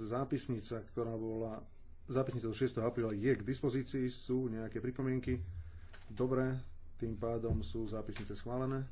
zápisnica, ktorá bola, zápisnica do 6. apríla je k dispozícii, sú nejaké pripomienky. Dobre, tým pádom sú zápisnice schválené.